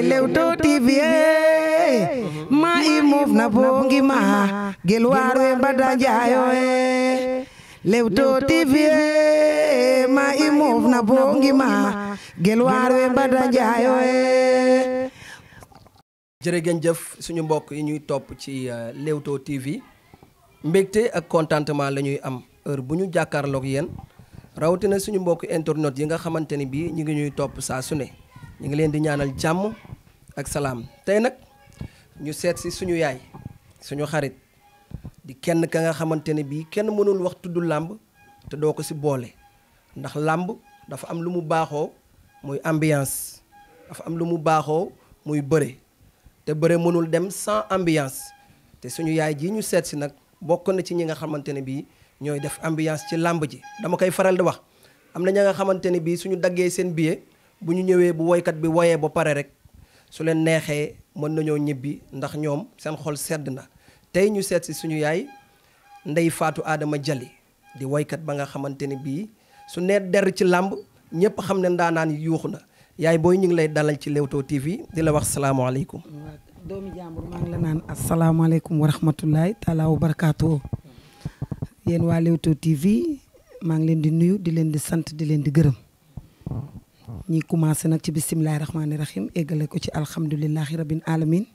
Leewtoo TV eh. ma i moof na boongi eh. eh. ma gel waar we mbada njaayo njaayo e jërë jëf suñu mbokk yi ñuy topp ci Leewtoo TV mbégte ak contentement la ñuy am heure bu ñu jàkkaarloog yéen rawatina suñu mbokk internet yi nga xamante ni bii ñu ngi ñuy topp saa sune ñu ngi leen di ñaanal jàmm ak salaam tey nag ñu seet si suñu yaay suñu xarit di kenn ka nga xamante ne bii kenn mënul wax tudd làmb te doo ko si boole ndax làmb dafa am lu mu baaxoo muy ambiance dafa am lu mu baaxoo muy bëre te bëre mënul dem sans ambiance te suñu yaay jii ñu seet si nag bokk na ci ñi nga xamante ne bii ñooy def ambiance ci làmb ji dama koy faral di wax am na ña nga xamante ne bii suñu daggee seen billet bu ñu ñëwee bu woykat bi woyee ba pare rek su leen neexee mën nañoo ñibbi ndax ñoom seen xol sedd na tey ñu seet si suñu yaay ndey faatu aadama jali di woykat ba nga xamante ni bii su nee der ci làmb ñëpp xam ne ndaanaan yuuxu na yaay booy ñu ngi lay dalal ci Leewtoo TV di la wax salaamaaleykum doomi maa ngi la naan asalaamaaleykum wa rahmatulahi taala wa barakaatu yéen waa Leewtoo TV maa ngi leen di nuyu di leen di sant di leen di gërëm ñi commencé nag ci bisimilahi rahmaani rahim eggale ko ci alhamdulilahi rabbil alamin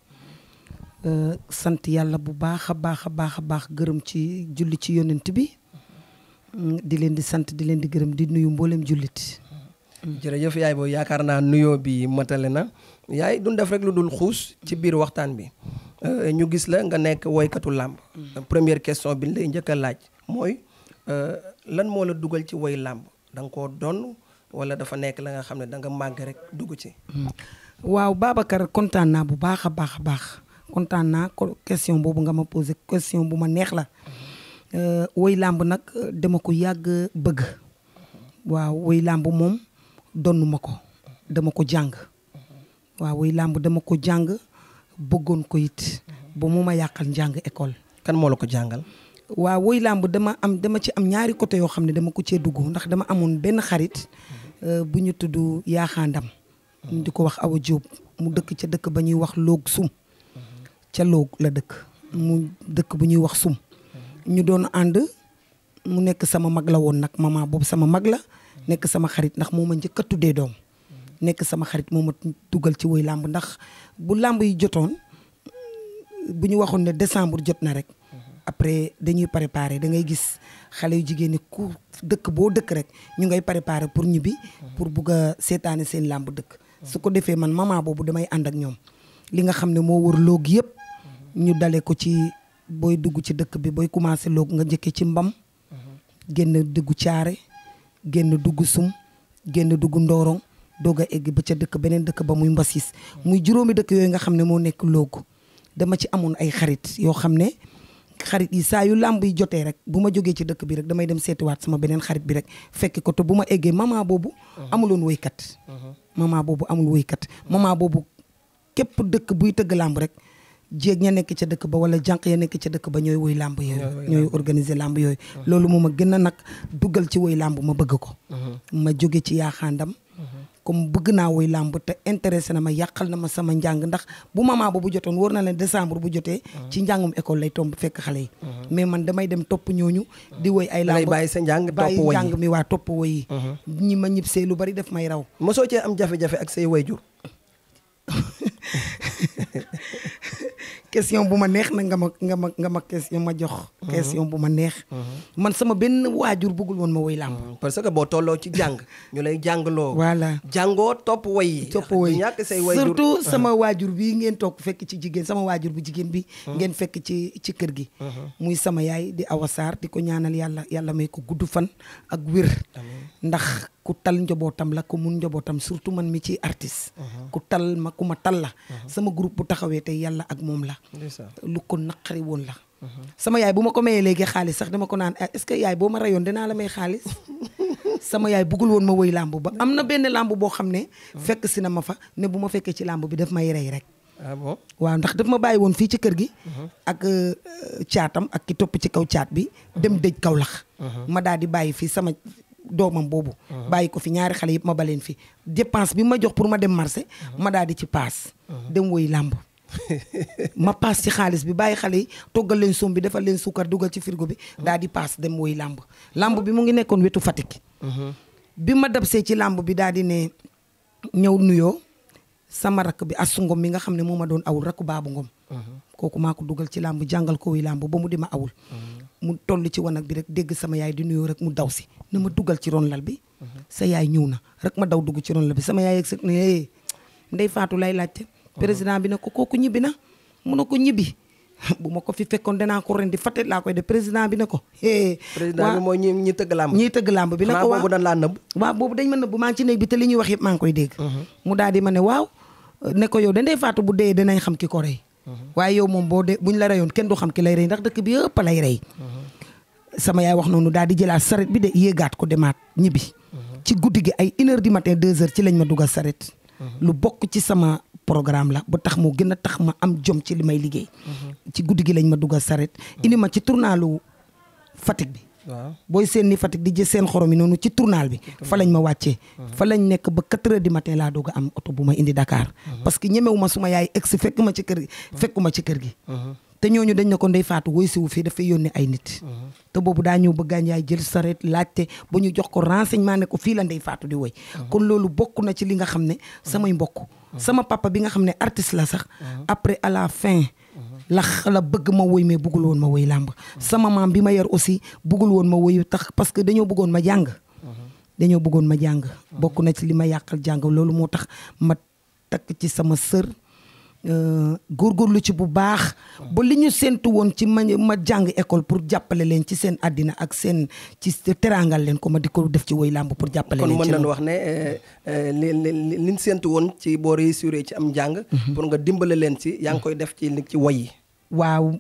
euh, sant yàlla bu baax a baax a baax a baax gërëm ci julli ci yonent bi mm, di leen di sant di leen di gërëm di nuyu mbooleem jullit jërëjëf yaay boobu yaakaar naa nuyoo bi matale na yaay duñ def rek lu dul xuus ci biir waxtaan bi euh, ñu gis la nga nekk woykatu làmb mm. première question bi lay njëkk a laaj mooy euh, lan moo la dugal ci woy làmb da nga koo wala dafa nekk la nga xam ne da màgg rek dugg ci. Hmm. waaw Babacar kontaan naa bu baax a baax a baax kontaan naa question boobu nga ma posé question bu ma neex la. Euh, woy làmb nag dama ko yàgg bëgg. waaw woy làmb moom donnu ko dama ko jàng. waaw woy làmb dama ko jàng bëggoon ko yit ba mu ma yàqal njàng école. kan moo la ko jàngal. waaw woy làmb dama am dama ci am ñaari côté yoo xam ne dama ko cee dugg ndax dama amoon benn xarit. Euh, bu ñu tudd yaaxaandam ñu di ko wax Awa Diop mu dëkk ca dëkk ba ñuy wax loog sum ca loog la dëkk mu dëkk bu ñuy wax sum ñu doon ànd mu nekk sama mag la woon nag maman boobu sama mag la nekk sama xarit ndax moo ma njëkk a tuddee doom nekk sama xarit moo ma dugal ci woy làmb ndax bu làmb yi jotoon bu ñu waxoon ne décembre jot na rek après dañuy préparer da ngay gis xale yu jigéen ku dëkk boo dëkk rek ñu ngay préparer pour ñibbi. pour bugg a seetaani seen làmb dëkk. su ko defee man maman boobu damay ànd ak ñoom li nga xam ne moo war loog yëpp. ñu dale ko ci booy dugg ci dëkk bi booy commencé loog nga njëkkee ci mbam. génn dugg caare génn dugg sum génn dugg ndoorong doog a egg ba ca dëkk beneen dëkk ba muy mbasis muy juróomi dëkk yooyu nga xam ne moo nekk loog dama ci amoon ay xarit yoo xam ne. xarit yi saa yu làmb yi jotee rek bu ma jógee ci dëkk bi rek damay dem waat sama beneen xarit bi rek fekki ko te bu ma eggee maman boobu. Mhm. amuloon woykat. Mhm. maman boobu amul woykat maman boobu képp dëkk buy tëgg làmb rek jéeg ña nekk ca dëkk ba wala jànq ya nekk ca dëkk ba ñooy woy làmb yooyu. ñooy organiser làmb yooyu. Mhm. loolu moo ma gën a nag dugal ci woy làmb ma bëgg ko. ma jóge ci yaaxaandam comme bëgg naa woy làmb te intéressé na ma yàqal na ma sama njàng ndax bu ma maa ba bu jotoon war na leen décembre bu jotee mm-hmm. ci njàngum école lay toom bu fekk xale yi mm-hmm. mais man damay dem topp ñooñu di woy ay làmb bàyyi sa njàng bàyyi njàng mi waa topp woy yi mm-hmm. ñi ma ñib see lu bari def may raw ma soo cee am jafe-jafe ak say wayjur question bu ma neex na nga ma nga ma nga ma question ma jox question mhm. bu ma neex mhm. man sama benn waajur bëggul woon ma woy làmb mhm. parce que boo tolloo ci jàng ñu lay jàngloo voilà jàngoo topp way yi topp say waajur surtout sama waajur bi ngeen toog fekk ci jigéen sama waajur bu jigéen bi ngeen fekk ci ci kër gi muy sama yaay di awasaar di ko ñaanal yàlla yàlla may ko gudd fan ak wér ndax ku tal njobootam la ku mun njobootam surtout man mi ci artiste ku tal ma ku ma tal la sama groupe bu taxawee tey yàlla ak moom la lu ko naqari woon la sama yaay bu ma ko mayee léegi xaalis sax dama ko naan eh, est-ce que yaay boo ma rayoon dinaa la may xaalis sama yaay bëggul woon ma woy làmb ba am na benn làmb boo xam ne fekk si na ma fa ne bu ma fekkee ci làmb bi daf may rey rek ah bon ndax daf ma bàyyi woon fii ci kër gi mhm. euh, caatam ak ki topp ci kaw caat bi dem mhm. dëj Kaolack mhm. ma daal di bàyyi fii sama doomam boobu bàyyi ko fi ñaari xale yëpp ma baleen fi dépense bi ma jox pour ma dem marché ma daal di ci paas dem woy làmb ma paas ci xaalis bi bàyyi xale yi toggal leen som bi defal leen suukar dugal ci frigo bi daal di paas dem woy làmb làmb bi mu ngi nekkoon wetu Fatick mhm. bi ma dabsee ci làmb bi daal di ne ñëw nuyoo sama rakk bi asu ngom mi nga xam ne moo ma doon awul rakk baabu ngoom mhm. kooku maa ko dugal ci làmb jàngal ko woy làmb ba mu di ma awul mhm. mu toll ci wanag bi rek dégg sama yaay di nuyoo rek mu daw si na ma dugal ci ron lal bi sa yaay ñëw na rek ma daw dugg ci ron lal bi sama yaay eh, yeg faatu lay laajte président bi ne ko kooku ñibbi na mu ne ko ñibbi bu ma ko fi fekkoon danaa ko rendi fate laa koy def président bi ne ko. président bi mooy ñi ñi tëgg làmb. bi ne ko waaw boobu dañ laa nëbb. ma nëbb maa ngi ci néeg bi te li ñuy wax yëpp maa ngi koy dégg. Mhm. mu di ma ne waaw ko yow dañ dee faatu dee dinañ xam ki ko rey. Mhm. waaye yow moom boo dee buñ la reyoon kenn du xam ki lay rey ndax dëkk bi yëpp lay rey. Mhm. sama yaay wax noonu daal di jëlaat saret bi de yéegaat ko demaat ñibbi. ci guddi gi ay une heure du matin deux heures ci lañ ma dugal saret lu bokk ci sama programme la ba tax mu gën a tax ma am jom ci li may liggéey. ci guddi gi lañ ma dugal saret indi ma ci tournalu Fatick bi. waaw booy seen Fatick di jël seen xorom yi noonu ci tournal bi fa lañ ma wàccee fa lañ nekk ba quatre heures du matin laa doog am oto bu ma indi dakaar parce que ñemewu ma suma yaay egsi fekk ma ci kër gi fekku ma ci kër gi te ñooñu dañ ne ko ndey faatu woy siwu fii dafay yónni ay nit te boobu daa ñëw ba bëggaañ yaay jël saret laajte ba ñu jox ko renseignement ne ko fii la ndey faatu di woy kon loolu bokk na ci li nga xam ne samay mbokk sama papa bi nga xam ne artiste la sax. après à la fin. la la bëgg ma woy mais bëggul woon ma woy làmb. sama maam bi ma yar aussi bëggul woon ma woy tax parce que dañoo bëggoon ma jàng. dañoo buggoon ma jàng. bokk na ci li ma yàqal jàng loolu moo tax ma takk ci sama sër. Euh, góor góorlu ci bu baax ba li ñu séntu woon ci ma ma jàng école pour jàppale leen ci seen àddina ak seen ci terangal leen ko ma di ko def ci woy làmb pour jàppale leen kon mën nañu wax ne euh, euh, li séntu woon ci boo ci am njàng mhm. pour nga dimbale leen ci yaa ngi koy def ci ci woy yi waaw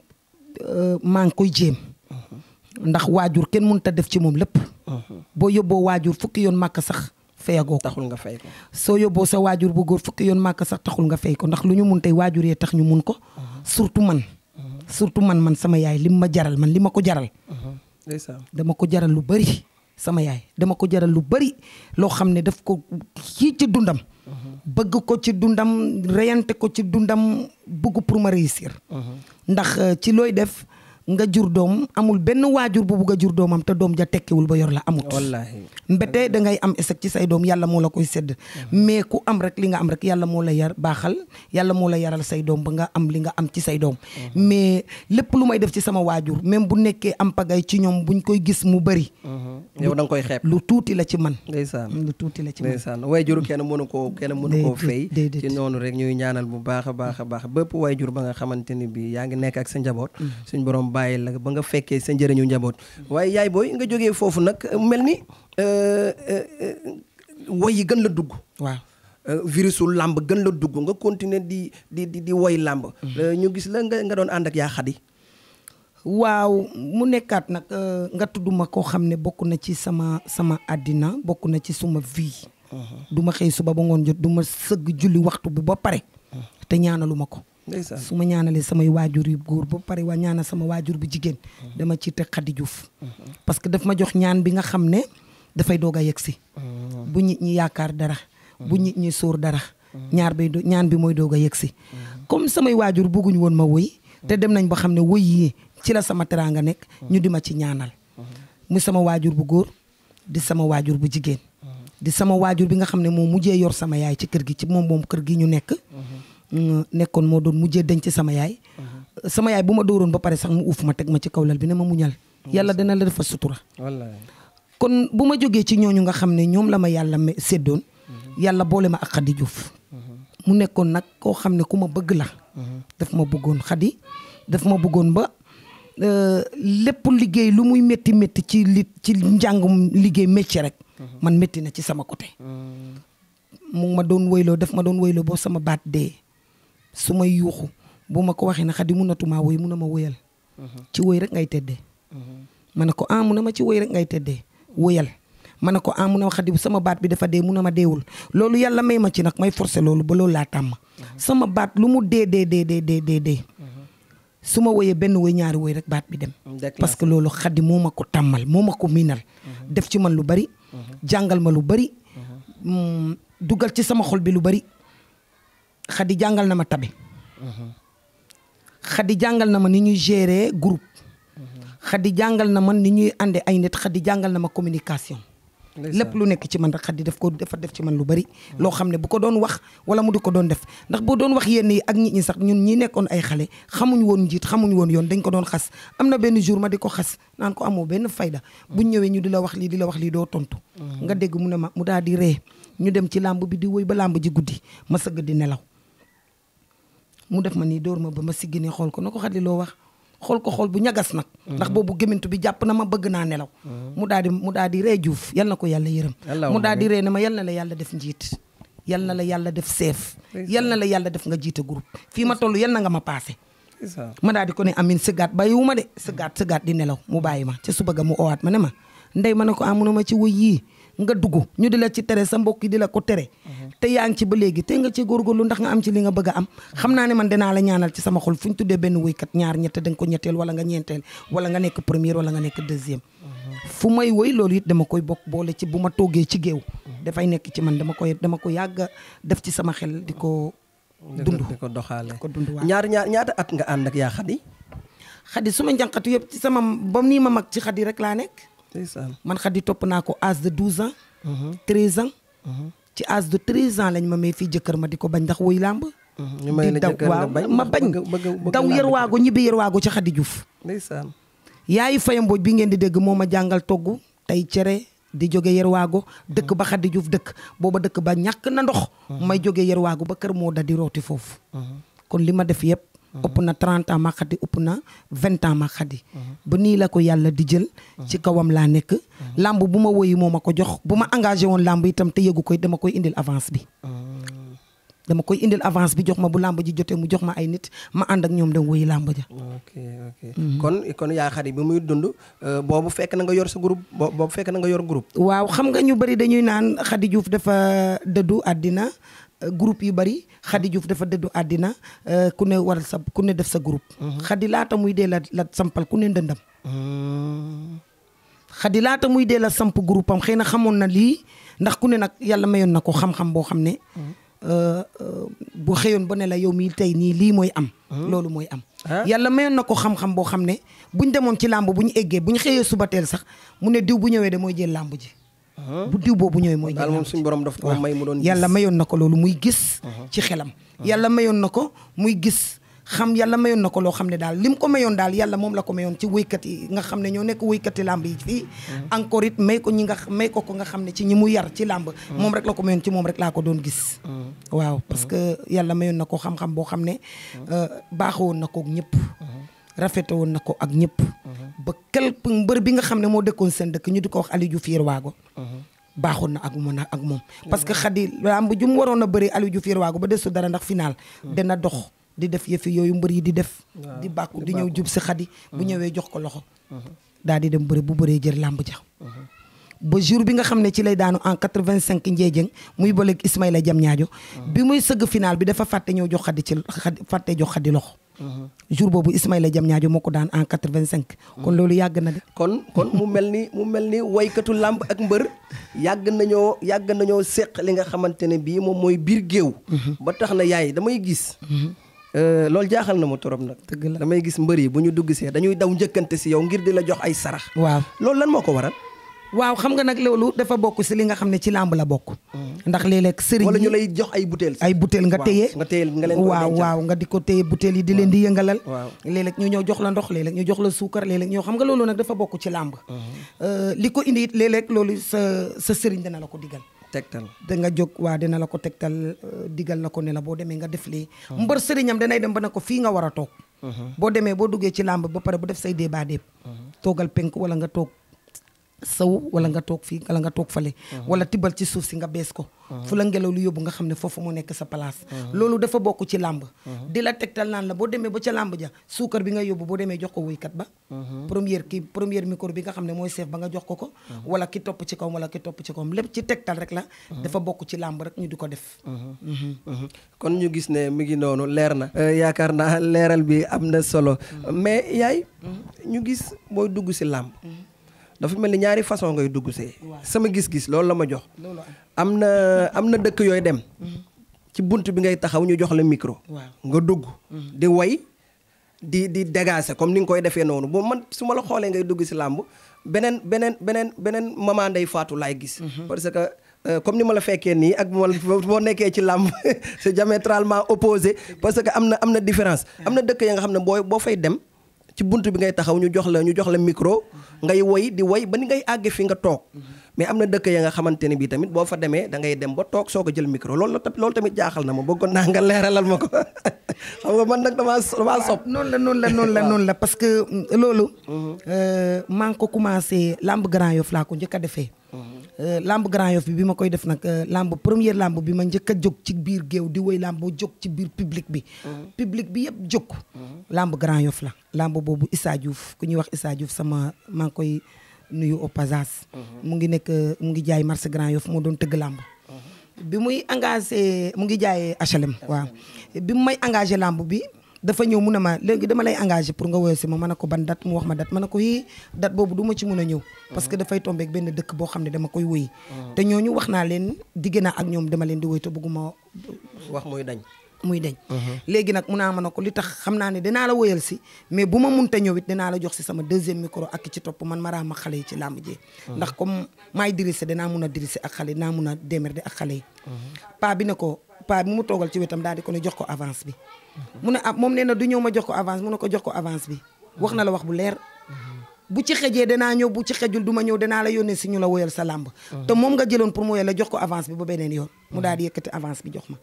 maa ngi koy jéem mhm. ndax waajur kenn mënut a def ci moom lépp mhm. boo yóbboo waajur fukki yoon màkk sax fayagoo ko taxul nga fay soo yóbboo sa waajur bu góor fukki yoon màkk sax taxul nga fay ko ndax lu ñu mun tey waajur yee tax ñu mun ko uh-huh. surtout man uh-huh. surtout man man sama yaay li ma jaral man li ma ko jaral uh-huh. dama ko jaral lu bari sama yaay dama ko jaral lu bari loo xam ne daf ko kii ci dundam bëgg ko ci dundam reyante ko ci dundam bëgg pour ma réussir ndax euh, ci looy def nga jur doom amul benn waajur bu bugg a jur doomam te doom ja tekkiwul ba yor la amut. wallaahi mbete da ngay am échec ci say doom yàlla moo la koy sedd. mais ku am rek li nga am rek yàlla moo la yar baaxal yàlla moo la yaral say doom ba nga am li nga am ci say doom. mais lépp lu may def ci sama waajur même bu nekkee am pagay ci ñoom buñ koy gis mu bëri. Mhm. yow da nga koy xeeb lu tuuti la ci man. ndeysaan lu tuuti la ci man ndeysaan waajur kenn mënu koo kenn mënu koo fay. ci noonu rek ñuy ñaanal bu baax a baax a baax bépp waajur ba nga xamante ni bi yaa ngi nekk ak sa njaboot mhm. suñ borom bàyyi la ba nga fekkee sa njëriñu njaboot waaye yaay booy nga jógee foofu nag euh, mel ni euh, euh, woy yi gën la dugg waaw virusu làmb gën la dugg nga continuer di di di di woy làmb mm-hmm. ñu gis la nga nga doon ànd ak yaa xadi waaw mu nekkaat nag nga tudduma ma koo xam ne bokk na ci sama sama àddina bokk na ci suma vie. Mm-hmm. duma xëy suba ba ngoon jot du ma sëgg julli waxtu bu ba pare mm-hmm. te ñaanalu ko su ma ñaanalee samay waajur yu góor ba pare waa ñaanal sama waajur bu jigéen dama ci teg Khady Diouf parce que daf ma jox ñaan bi nga xam ne dafay doog a yegsi bu nit ñi yaakaar dara bu nit ñi sóor dara ñaar bi ñaan bi mooy doog a yegsi comme samay waajur bëgguñu woon ma woy te dem nañ ba xam ne woy yi ci la sama teraanga nekk ñu di ma ci ñaanal mu sama waajur bu góor di sama waajur bu jigéen di sama waajur bi nga xam ne moom mujjee yor sama yaay ci kër gi ci moom moom kër gi ñu nekk nekkoon moo doon mujjee ci sama yaay. Uh-huh. sama yaay bu ma dooroon ba pare sax mu uuf ma teg ma ci kaw lal bi ne ma muñal. yàlla dina la defa sutura. kon bu ma jógee ci ñooñu nga xam ne ñoom la ma yàlla séddoon. Uh-huh. yàlla boole ma ak Khady Diouf. Uh-huh. mu nekkoon nag koo xam ne ku ma bëgg la. daf ma bëggoon Khady daf ma bëggoon ba. Euh, lépp liggéey lu muy métti métti ci li ci njàngum liggéey métier rek. man métti na ci sama côté. mu ma doon woyloo daf ma doon woyloo boo sama baat dee. su ma yuuxu bu ma ko waxee na ne xadi munatumaa woy mun na ma woyal ci woy rek ngay teddee ma ne ko ah mun a ma ci woy rek ngay teddee woyal ma ne ko ah mun a xadi sama baat bi dafa dee mun na ma deewul loolu yàlla may ma ci nag may forcé loolu ba loolu laa tàmm sama baat lu mu dee dee dee dee su ma woyee benn woy ñaari woy rek baat bi dem parce que loolu xaddi moo ma ko tàmmal moo ma ko miinal def ci man lu bari jàngal ma lu bari mm, dugal ci sama xol bi lu bari xadi jàngal na ma tabe xadi jàngal na ma ni ñuy gérer groupe xadi jàngal na ma ni ñuy ànde ay nit xadi jàngal na ma communication lépp lu nekk ci man rek xadi daf ko dafa def ci man lu bari loo xam ne bu ko doon wax wala mu di ko doon def ndax boo doon wax yenn yi ak nit ñi sax ñun ñi nekkoon ay xale xamuñ woon njiit xamuñ woon yoon dañ ko doon xas am na benn jour ma di ko xas naan ko amoo benn fayda buñ ñëwee ñu di la wax lii di la wax lii doo tontu mm-hmm. nga dégg mu ne ma mu daal di ree ñu dem ci làmb bi di woy ba làmb ji guddi ma sëgg di nelaw mu def ma nii door ma ba ma siggi nii xool ko na ko xatli loo wax xool ko xool bu ñagas nag mm-hmm. ndax boobu gémmintu bi jàpp na ma bëgg naa nelaw mm-hmm. mu daal di daal di ree juuf yal na ko yàlla yërëm mu daal di ree ne ma yal na la yàlla def njiit yal na la yàlla def seef yal na la yàlla def nga jiita groupe fii ma toll yal na nga ma paase ma daadi ko ne amin sëggaat bàyyiwu ma de sëggaat sëggaat di nelaw mu bàyyi ma ca suba ga mu owaat ma ne ma ndey ma ne ko amuna ah, ma ci wëy nga dugg ñu di la ci tere sa mbokki di la ko tere te yaa ngi ci ba léegi te nga ci lu ndax nga am ci li nga bëgg am xam naa ne man dinaa la ñaanal ci sama xol fu ñu tuddee benn woykat ñaar da nga ko nga ñeenteel wala nga nekk première wala nga nekk deuxième fu may woy loolu it dama koy bokk boole ci bu ma toogee ci géew dafay nekk ci man dama koy dama ko yàgg def ci sama xel di ko dund di ko doxaale ko dund waa ñaar ñaar ñaata at nga ànd ak yaa xadi xadi su ma njànqatu yëpp ci sama ba nii ma mag ci xadi rek laa nekk man xaddi topp naa ko âge de 12 an 13 ans. Mhm. Mhm. ci âge de 13 ans lañ ma may fii jëkkër ma di ko bañ ndax woy làmb. Mhm. di daw waaw ma bañ daw yër waago ñibbi yër waago ci xaddi Diouf. ndeysaan. yaayu Faye Mbodj bi ngeen di dégg moo ma jàngal togg tey cere di jóge yër waago dëkk ba xaddi juuf dëkk booba dëkk ba ñàkk na ndox. may jóge yër waago ba kër moo da di rooti foofu. kon li ma def yëpp. ëpp na 30 ma xadi ëpp na 20 ans ma xadi ba nii la ko yàlla di jël ci kawam laa nekk làmb bu ma woyi moo ma ko jox bu ma engagé woon làmb itam te yëgu koy dama koy indil avance bi dama koy indil avance bi jox ma bu làmb ji jotee mu jox ma ay nit ma ànd ak ñoom dem woyi làmb ja. ok ok mhm. kon kon yaa xarit bi muy dund euh, boobu fekk na nga yor sa groupe boobu fekk na nga yor groupe. waaw xam nga ñu bëri dañuy naan Khady Diouf dafa dëddu àddina Euh, groupe yu bari Khady Diouf dafa dëddu àddina euh, ku ne war sa ku ne def sa groupe. Mhm. Khady laata muy dee la la sampal ku ne ndëndam. Mhm. laata muy dee la samp groupe am xëy na xamoon na lii ndax ku ne nag yàlla mayoon na ko xam-xam boo xam ne. Mhm. Euh, bu xëyoon ba ne la yow mii tey nii lii mooy am. loolu mooy am. Ah. yàlla mayoon na ko xam boo xam ne buñ demoon ci làmb bu ñu eggee bu ñu xëyee suba teel sax mu ne diw bu ñëwee de mooy jël làmb ji. Uh-huh. bu diw boobu ñëwee mooy daal moom suñu borom daf may mu doon yàlla mayoon na ko loolu muy gis uh-huh. ci xelam uh-huh. yàlla mayoon na ko muy gis xam yàlla mayoon na ko loo xam ne daal lim ko mayoon daal yàlla moom la ko mayoon ci wéykat yi nga xam ne ñoo nekk wéykati làmb yi fii it may ko ñi nga may ko ko nga xam ne ci ñi mu yar ci làmb moom rek la ko mayoon ci moom rek laa ko doon gis waaw parce que yàlla mayoon na ko xam-xam boo xam ne euh, woon na ko ak ñëpp rafetewoon na ko ak ñépp ba quelque mbër bi nga xam ne moo dëkkoon seen dëkk ñu di ko wax Aliou Diouf Yér Waago mhm. baaxoon na ak moom ak moom parce que xadi lamb ju mu waroon na bëri Aliou Diouf Yér Waago ba desul dara ndax final mhm. dana dox di def yëfi yooyu mbër yi di def di bàkku di ñëw jub si xadi bu mhm. ñëwee jox ko loxo daal di dem bëri bu bëree jël làmb ja ba jour bi nga xam ne ci lay daanu en quatre vingt cinq njeejëng muy bëleeg Ismaïla Jam ñaajo bi muy sëgg final bi dafa fàtte ñëw jox xadi jox xadi loxo jour boobu Ismaïla Diamniadio moo ko daan en quatre-vingt-cinq kon mm-hmm. loolu yàgg na de kon kon mu mel ni mu mel ni woykatu làmb ak mbër yàgg nañoo yàgg nañoo seq li nga xamante ne bii moom mooy biir géew mm-hmm. ba tax na yaay damay gis mm-hmm. euh, loolu jaaxal na ma torop nag tëgg la damay gis mbër yi bu ñu dugg see dañuy daw njëkkante si yow ngir di la jox ay sarax waaw loolu lan moo ko waral waaw xam nga nag loolu dafa bokk si li nga xam ne ci làmb la bokk. ndax léeg-léeg sëriñ wala ñu lay jox ay butéel. ay butéel nga téye nga téye nga leen waaw waaw nga di ko téye butéel yi di leen di yëngalal. waaw léeg-léeg ñëw jox la ndox léeg-léeg jox la suukar léeg ñoo xam nga loolu nag dafa bokk ci làmb. Mm-hmm. Euh, li ko indi it léeg loolu sa sa sëriñ dana la ko digal. tegtal da nga jóg waa dina la ko tegtal euh, digal la ko ne la boo demee nga def lii. Mm-hmm. mbër sëriñam danay dem ba na ko fii nga war a toog. Mm-hmm. boo demee boo duggee ci làmb ba pare bu def say débat déeb toogal penk wala nga toog saw wala nga toog fii wala nga toog fale mhm. wala tibal ci suuf si nga bees ko mhm. fu la ngelaw lu yóbbu nga xam ne foofu moo nekk sa place mhm. loolu dafa bokk ci làmb di la tegtal naan la boo demee ba ca làmb ja suukar bi nga yóbbu boo demee jox ko wuykat ba première ki première micro bi nga xam ne mooy chef ba nga jox ko ko wala ki topp ci kawam wala ki topp ci kawam lépp ci tegtal rek la dafa bokk ci làmb rek ñu di ko def kon ñu gis ne mi ngi noonu leer na euh, yaakaar naa leeral bi am na solo mais yaay ñu gis booy dugg si làmb dafa mel ni ñaari façon ngay dugg see. sama gis-gis loolu la ma jox. am na am na dëkk yooyu dem. Mm-hmm. ci bunt bi ngay taxaw ñu jox la micro. nga dugg. Mm-hmm. di way di di dégager comme ni nga koy defee noonu boo man su ma la xoolee ngay dugg si làmb beneen beneen beneen beneen maman Ndeye Fatou laay gis. Mm-hmm. parce que euh, comme ni ma la fekkee nii ak moo boo nekkee ci làmb c'est diamétralement opposé parce que am na am na différence. am na dëkk ya nga xam ne boo boo fay dem. ci bunt bi ngay taxaw ñu jox la ñu jox la micro ngay woy di woy ba ni ngay àgge fi nga toog mais am na dëkk ya nga xamante ne bii tamit boo fa demee da dem ba toog soog a jël micro loolu la loolu tamit jaaxal na ma bëggoon naa nga leeralal ma ko xam nga man nag damaa damaa sopp ah, noonu la noonu la noonu la noonu la parce que mm, loolu mm-hmm. euh, maa ngi ko commencé lamb Grand Yoff laa ko njëkk a defee Euh, lamb Grand Yoff bi bi ma koy def nag euh, lamb première lamb bi ma njëkk a jóg biir géew di woy lamb jog ci biir public bi. public bi yëpp jóg. lamb Grand Yoff la lamb boobu Issa Diouf ku ñuy wax Issa Diouf sama maa ngi koy nuyu au passage. mu ngi nekk mu ngi jaay marché Grand Yoff moo doon tëgg lamb. bi muy engagé mu ngi jaay HLM. waaw bi mu may engagé lamb bi dafa ñëw mun a ma léegi dama lay engagé pour nga woyoo si ma mën a ko ban date mu wax ma date mën a ko yii date boobu duma ma ci mun a ñëw parce que dafay tombeek benn dëkk boo xam ne dama koy woyi te ñooñu wax naa leen digg naa ak ñoom dama leen di woy te bëgguma wax muy dañ muy deñ mhm. léegi nag mun naa mën a ko li tax xam naa ne dinaa la woyal si mais bu ma munta ñëw it danaa la jox si sama deuxième micro ak ci topp man maraam ak xale yi ci làmb ji mhm. ndax comme maay dirise danaa mun a dirise ak xale yi dinaa mun a démerde ak xale yi mhm. paa paa bi mu toogal ci wetam daal di ko ne jox ko avance bi mu ne ah moom nee na du ñëw ma jox ko avance mu ne ko jox ko avance bi wax na la wax bu leer bu ci xëjee danaa ñëw bu ci xëjul du ma ñëw danaa la yónnee si ñu la woyal sa làmb te moom nga jëloon pour mu woyal la jox ko avance bi ba beneen yoon mu daal di yëkkati avance bi jox ma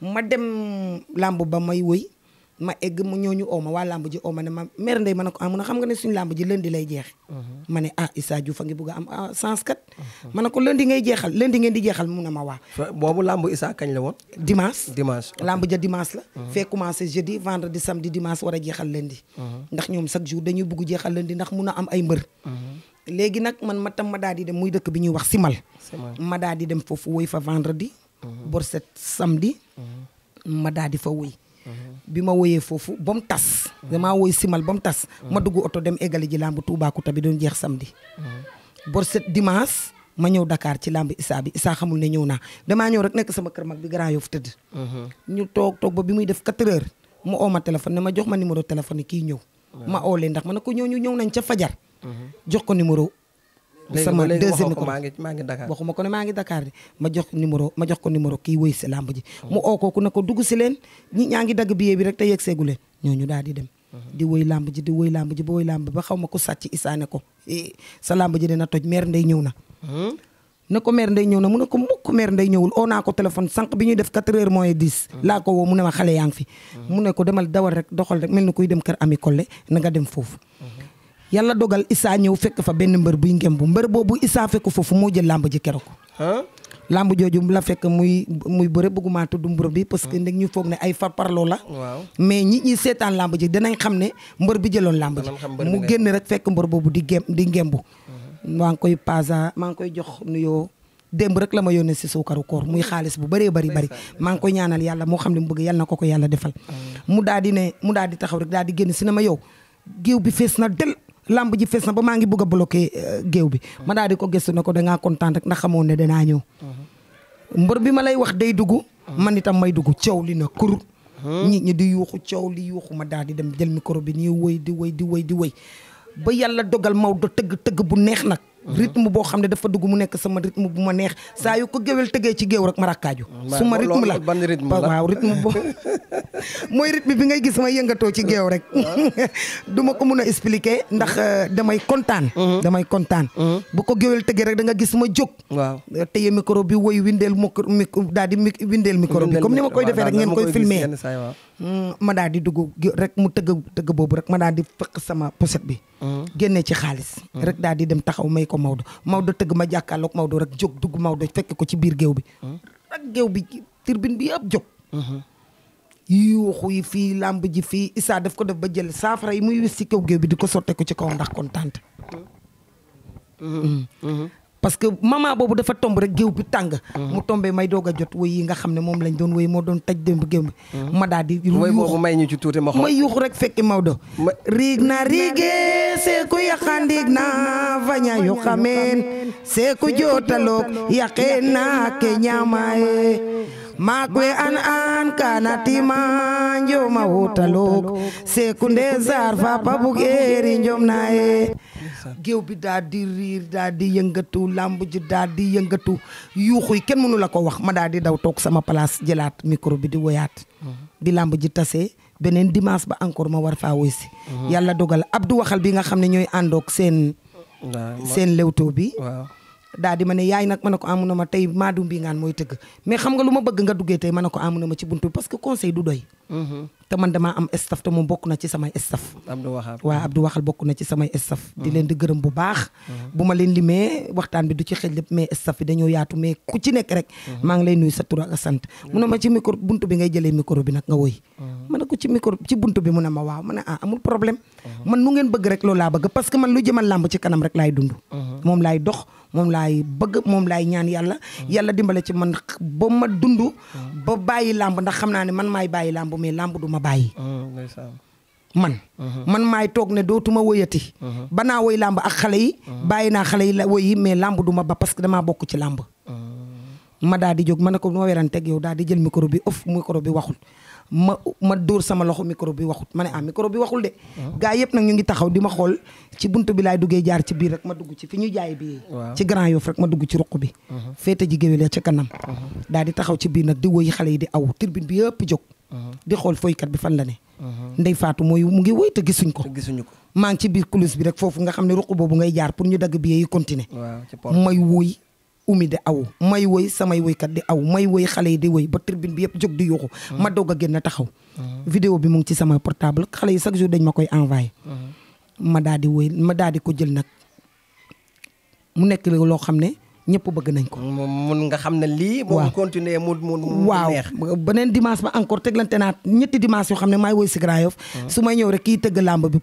ma dem làmb ba may woy ma egg mu ñooñu oo ma waa làmb ji ma ne ma mère Ndeye ma a ko ah mun a xam nga ne suñu làmb ji lundi lay jeex. Mhm. ma ne ah Issa Diouf a ngi bugg am ah, sens kat. Mhm. ma ne ko lundi ngay jeexal lundi ngeen di jeexal mun na ma waa. boobu làmb Issa kañ la woon. dimanche dimanche. làmb ja dimanche la. Mhm. fee commencé jeudi vendredi samedi dimanche war a jeexal lundi. ndax ñoom chaque jour dañuy bugg jeexal lundi ndax mun a am ay mbër. léegi nag man ma tam ma daal di dem muy dëkk bi ñuy wax Simal. ma daal di dem foofu woy fa vendredi. bor set samedi. ma di fa woy bi ma woyee foofu ba mu tas. damaa woy simal ba mu tas. ma dugg oto dem eggali ji làmb Toubacouta bi doon jeex samedi. bor set dimanche ma ñëw Dakar ci làmb Issa bi Issa xamul ne ñëw naa damaa ñëw rek nekk sama kër mag bi Grand fu tëdd. ñu toog toog ba bi muy def 4 heures mu oo ma téléphone ne ma jox ma numéro téléphone kii ñëw. ma oo leen ndax ma ne ko ñëw ñu ñëw nañ ca fajar. jox ko numéro sama deuxième ko maa ngi maa ko ne maa ngi Dakar de ma jox numéro ma jox ko numéro kii wëy si làmb ji oh. mu oo kooku na ko dugg si leen ñi ñaa ngi dagg billet bi rek te yegg seegu leen ñooñu daal di dem uh-huh. di woy làmb ji di woy làmb ji ba ba xaw ma ko sàcc isaane ko sa làmb ji dina toj meer ndey ñëw na hmm? na ko meer ndey ñëw na mu ne ko mukk meer ndey ñëwul oo naa ko téléphone sànq bi ñuy def 4 heures moins 10 hmm. laa ko woo mu ma xale yaa ngi fi hmm. mu ne ko demal dawal rek doxal rek mel ni kuy dem kar ami Collé na nga dem foofu yàlla dogal Issa ñëw fekk fa benn mbër buy ngem bu mbër boobu Issa fekk foofu moo jël làmb ji keroog. làmb jooju la fekk muy muy bëre bëgguma du mbër bi parce que nag ñu foog ne ay far parloo la. mais ñi ñi seetaan làmb ji danañ xam ne mbër bi jëloon làmb ji. mu génn rek fekk mbër boobu di gem di ngem maa ngi koy pasa maa ngi koy jox nuyoo. démb rek la ma yónnee si suukaru koor muy xaalis bu baree bari bari maa ngi koy ñaanal yàlla moo xam ne mu bëgg yàlla na ko ko yàlla defal. mu di ne mu daal di taxaw rek daal di génn si na ma lamb ji fees na ba maa ngi bëgg a bloqué euh, géew bi ma daal di ko gestu na ko dangaa kontaan rek ndax xamoon ne danaa ñëw mhm. mbër bi ma lay wax day dugg mhm. man itam may dugg coow li na kur mhm. nit ñi di yuuxu coow li yuuxu ma daal di dem jël micro bi nii woy di woy di woy di woy ba yàlla dogal Maodo tëgg tëgg bu neex nag rythme boo xam ne dafa dugg mu nekk sama rythme bu ma neex saa yu ko géwél tëgee ci géew rek ma rakkaaju su ma rythme la waaw rythme bo mooy rythme bi ngay gis ma yëngatoo ci géew rek du ma ko mun a expliquer ndax mm-hmm. euh, damay kontaan mm-hmm. damay kontaan mm-hmm. bu ko géwél tëgee rek da nga gis ma jóg waaw euh, téye micro bi woy windeel micro daal di windeel micro bi comme ni ma koy defee rek ngeen koy filmer Mm, ma daal di dugg rek mu tëgg tëgg boobu rek ma daal di fekk sama pochette bi. Mm. génne ci xaalis. Mm. rek daal di dem taxaw may ko Maodo Maodo tëgg ma jàkkaarloog Maodo rek jóg dugg Maodo fekk ko ci biir géew bi. rek géew bi turbine bi yëpp jóg. Mm-hmm. yuuxu yi fii làmb ji fii Issa def ko def ba jël saafara yi muy wis ci kaw géew bi di ko sotte ko ci kaw ndax kontaan mm-hmm. Mm-hmm. parce que maman boobu dafa tomb rek géew bi tàng mhm. mu tombé may doog jot woy nga xam ne moom lañ doon woy moo doon taj démb géew bi mhm. ma daal di may ñu ci tuuti ma xool ma yuux rek fekki Maodo riig na riige seeku yaqandiig na faña yu xameen seeku jootaloog yaqeen na ke ñaamaye maakwe an an kana timanjo ma wutaloog seeku nde sar fa pabug eeri njom naye géew bi daal di riir daal di yëngatu làmb ji daal di yëngatu yuuxu yi kenn mënu la ko wax ma daal di daw toog sama place jëlaat micro bi di woyaat mhm. bi làmb ji tase beneen dimanche ba encore ma war faa woy si mhm. yàlla dogal Abdou waxal bi nga xam ne ñooy àndoog seen seen bi daa di ma ne yaay nag ma ne ko amu na ma tey maadum bi ngaan mooy tëgg mais xam nga lu ma bëgg nga duggee tey ma ne ko amu ma ci buntu parce que conseil du doy. Mm-hmm. te man damaa am staff moom bokk na ci samay staff. Abdou Waxal waaw Abdou Waxal bokk na ci samay staff. di mm-hmm. leen di gërëm bu baax. Mm-hmm. bu ma leen limee waxtaan bi du ci xëj lépp mais staff bi dañoo yaatu mais ku ci nekk rek. maa ngi lay nuyu sa tur sant. mu ne ma ci micro buntu bi ngay jëlee micro bi nag nga woy ma ne ko ci micro ci buntu bi mu ne ma waaw ma ne ah, amul problème. man nu ngeen bëgg rek loolu laa que man lu jëmal làmb ci kanam laay dund. Mhm. moom laay dox moom laay bëgg moom laay ñaan yàlla. Mhm. yàlla dimbale ci man ba ma dund. Mhm. ba bàyyi làmb ndax xam naa ne man maay bàyyi làmb mais làmb du ma bàyyi. man man maay toog ne dootuma woyati ba naa woy làmb ak xale yi bàyyi naa xale yi la woy yi mais làmb du ba parce que damaa bokk ci làmb ma daal di jóg ma ne ko ma weranteeg yow daal di jël micro bi off micro bi waxul ma ma dóor sama loxo micro bi waxut ma ne ah micro bi waxul de. Ah. gaa yëpp nag ñu ngi taxaw di ma xool ci bunt bi laay duggee jaar ci biir rek ma dugg ci fi ñu jaay bi ci Grand Yoff ma dugg ci ruq bi. Uh-huh. féete ji géwél ya ca kanam. Uh-huh. daal di taxaw ci biir nag di woy xale yi di aw tribune bi yëpp jóg. Uh-huh. di xool foykat bi fan la ne. ndey faatu mooy mu ngi woy te gisuñ ko. gisuñu ko maa ngi ci biir coulisse bi rek foofu nga xam ne ruq boobu ngay jaar pour ñu dagg billet yi continuer. may woy umi di aw may woy samay woykat di aw may woy xale yi di woy ba tribune bi yëpp jóg di yuuxu mm. ma doog a génn taxaw mm. vidéo bi mu ngi ci sama portable xale yi chaque jour dañ ma koy envoyé mm. ma daa di woy ma daal di ko jël nag mu nekk loo xam ne ñëpp bëgg nañ ko. nga xam ne lii. waaw continuer mu mu mu neex. waaw beneen encore teglante naa ñetti dimanche yoo xam ne maay woy si Grand Yoff. su may ñëw rek kii tëgg làmb bi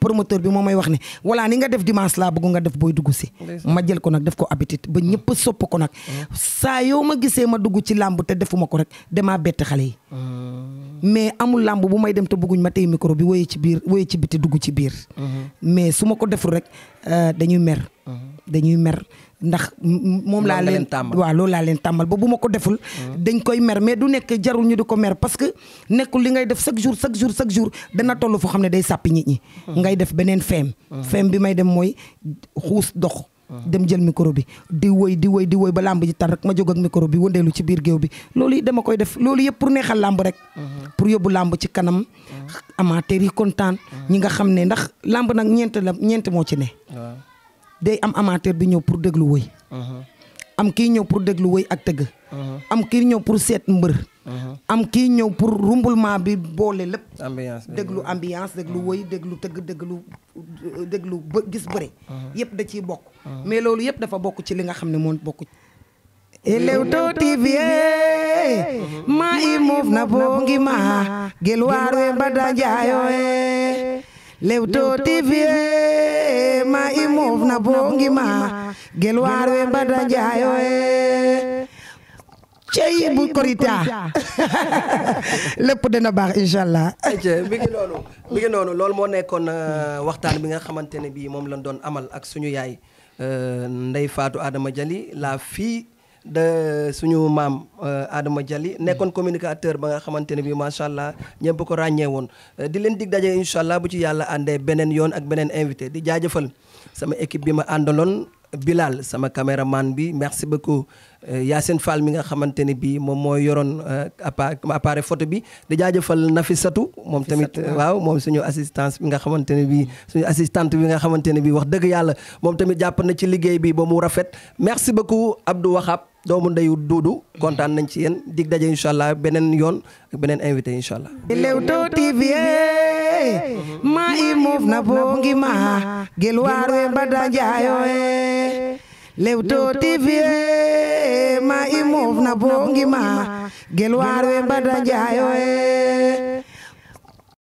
moo may wax ne voilà ni nga def dimanche laa bëgg nga def booy dugg si. ma jël ko nag def ko ba ñëpp sopp ko nag. Mm. saa yoo ma gisee ma dugg ci làmb te defuma ko rek demaa bett xale yi. Mm. mais amul làmb bu may dem te bëgguñ ma tey micro bi woyee ci biir woyee ci biti dugg ci biir. Mm-hmm. mais suma ma ko deful rek euh, dañuy mer. Mm-hmm. dañuy mer. ndax moom laa leen tàmbal waaw loolu laa leen tàmmal ba bu ma ko deful mm-hmm. dañ koy mer mais du nekk jarul ñu di ko mer parce que nekkul li ngay def chaque jour chaque jour chaque dana toll foo xam ne day sàppi nit ñi mm-hmm. ngay def beneen feem mm-hmm. feem bi may dem mooy xuus dox dem jël micro bi di woy di woy di woy ba làmb ji tar rek ma jog ak micro bi wëndeelu ci biir géew bi loolu dama koy def loolu yëpp pour neexal làmb rek pour yóbbu làmb ci kanam amateur yi kontaan ñi nga xam ne ndax làmb nag ñeent la ñeent moo ci ne day am amateur bi ñëw pour déglu woy uh-huh. am kii ñëw pour déglu woy ak tëgg uh-huh. am kii ñëw pour seet mbër uh-huh. am kii ñëw pour rumbulement bi boole lépp déglu ambiance déglu woy déglu tëgg déglu euh, déglu ba gis bëre yëpp da ciy bokk mais loolu yëpp dafa bokk ci li nga xam ne moom bokk Leewtoo TV ma i moof na boongi ma gel waar we mbada njaayo Leewtoo TV ma i moof na boongi ma gel waar we mbada njaayo e cey bu korita lépp dina baax incha allah mi ngi noonu mi ngi noonu loolu moo nekkoon euh, waxtaan bi nga xamante ne bii moom lañ doon amal ak suñu yaay euh, ndey faatu Adama Dialy la fii de suñu maam euh, Adama Dialli nekkoon communicateur ba nga xamante ne bii macha allah ñëpp ko ràññee woon euh, di leen dig daje incha allah bu ci yàlla àndee beneen yoon ak beneen invité di jaajëfal sama équipe bi ma àndaloon Bilal sama man bi merci beaucoup euh, Yacine Fall mi nga xamante ne bii moom moo yoroon appareil photo bi di jaajëfal Nafisatu moom tamit waaw moom suñu assistance bi nga xamante ne bii suñu assistante bi nga xamante ne bii wax dëgg yàlla moom tamit jàpp na ci liggéey bi ba mu rafet merci beaucoup Abdou Wahab doomu ndeyu duudu kontaan nañ ci yéen dig daje incha allah beneen yoon ak beneen invité incha allah. Leewtoo TV eh, ma i moof na bongi ma gel we mbada njaayo e eh. Leewtoo TV eh, ma i moof na bongi ma gel we mbada njaayo e